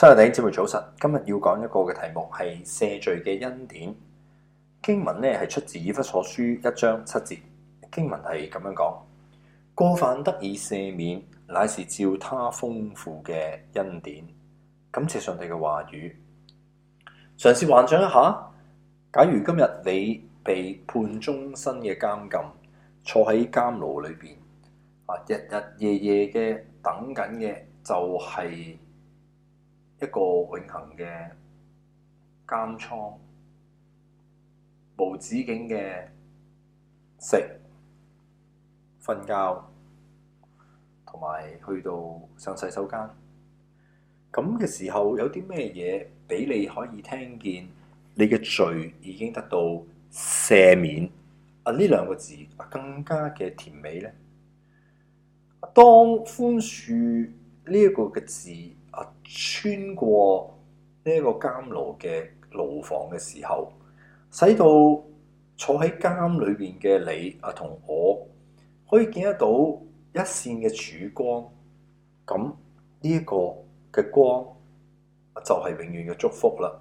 兄弟姐妹早晨，今日要講一個嘅題目係赦罪嘅恩典。經文咧，係出自以弗所書一章七節。經文係咁樣講：過犯得以赦免，乃是照他豐富嘅恩典，感謝上帝嘅話語。嘗試幻想一下，假如今日你被判終身嘅監禁，坐喺監牢裏邊啊，日日夜夜嘅等緊嘅就係、是。一個永恆嘅監倉，無止境嘅食、瞓覺同埋去到上洗手間。咁嘅時候，有啲咩嘢俾你可以聽見？你嘅罪已經得到赦免啊！呢兩個字更加嘅甜美咧。當寬恕呢一個嘅字，穿過呢一個監牢嘅牢房嘅時候，使到坐喺監裏邊嘅你啊同我，可以見得到一綫嘅曙光。咁呢一個嘅光，就係永遠嘅祝福啦。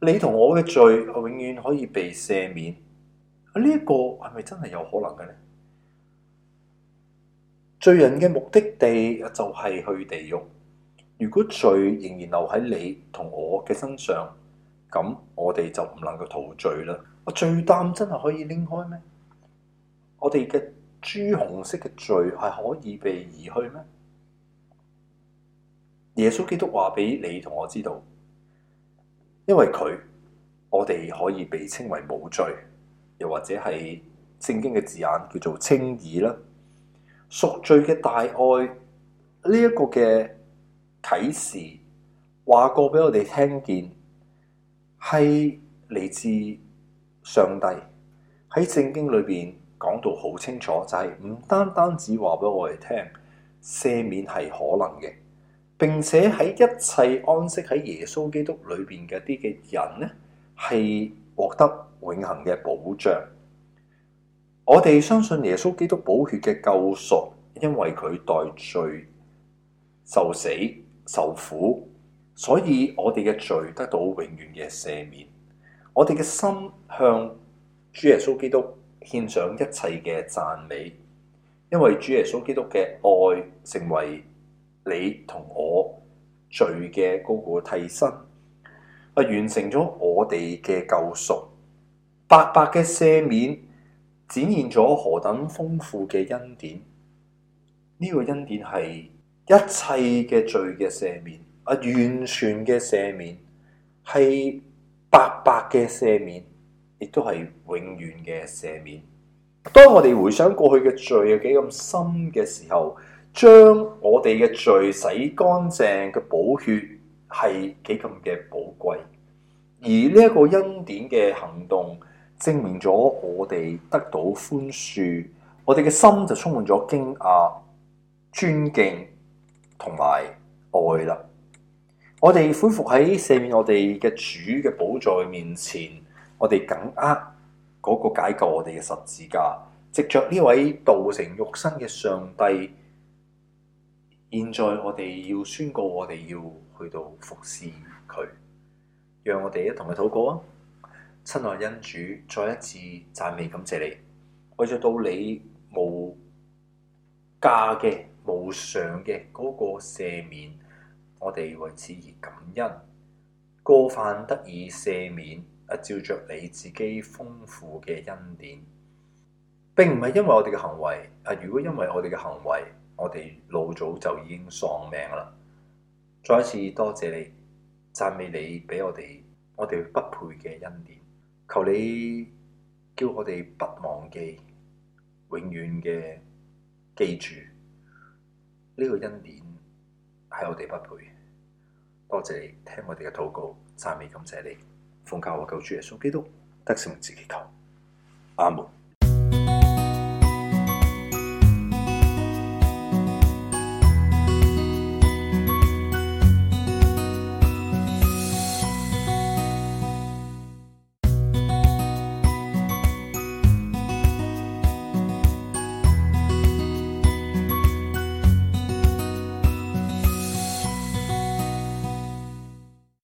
你同我嘅罪啊，永遠可以被赦免。呢一個係咪真係有可能嘅咧？罪人嘅目的地就係去地獄。如果罪仍然留喺你同我嘅身上，咁我哋就唔能夠逃罪啦。我罪擔真係可以拎開咩？我哋嘅朱紅色嘅罪係可以被移去咩？耶穌基督話俾你同我知道，因為佢，我哋可以被稱為冇罪，又或者係聖經嘅字眼叫做稱義啦。贖罪嘅大愛呢一、這個嘅啟示，話過俾我哋聽見，係嚟自上帝喺聖經裏邊講到好清楚，就係、是、唔單單只話俾我哋聽，赦免係可能嘅，並且喺一切安息喺耶穌基督裏邊嘅啲嘅人呢係獲得永恆嘅保障。我哋相信耶穌基督寶血嘅救贖，因為佢代罪受死受苦，所以我哋嘅罪得到永遠嘅赦免。我哋嘅心向主耶穌基督獻上一切嘅讚美，因為主耶穌基督嘅愛成為你同我罪嘅高過替身啊，完成咗我哋嘅救贖，白白嘅赦免。展現咗何等豐富嘅恩典？呢、這個恩典係一切嘅罪嘅赦免，啊，完全嘅赦免，係白白嘅赦免，亦都係永遠嘅赦免。當我哋回想過去嘅罪有幾咁深嘅時候，將我哋嘅罪洗乾淨嘅寶血係幾咁嘅寶貴，而呢一個恩典嘅行動，證明咗我哋得到寬恕，我哋嘅心就充滿咗驚訝、尊敬同埋愛啦。我哋俯伏喺赦免我哋嘅主嘅寶座面前，我哋緊握嗰個解救我哋嘅十字架，藉着呢位道成肉身嘅上帝。現在我哋要宣告，我哋要去到服侍佢，讓我哋一同去禱告啊！親愛恩主，再一次讚美感謝你，為咗到你無價嘅無上嘅嗰個赦免，我哋為此而感恩過犯得以赦免啊！照着你自己豐富嘅恩典，並唔係因為我哋嘅行為啊。如果因為我哋嘅行為，我哋老早就已經喪命啦。再一次多謝你，讚美你俾我哋我哋不配嘅恩典。求你叫我哋不忘記，永遠嘅記住呢、這個恩典係我哋不配。多謝你聽我哋嘅禱告，讚美感謝你，奉教救主耶穌基督得勝之名求，阿門。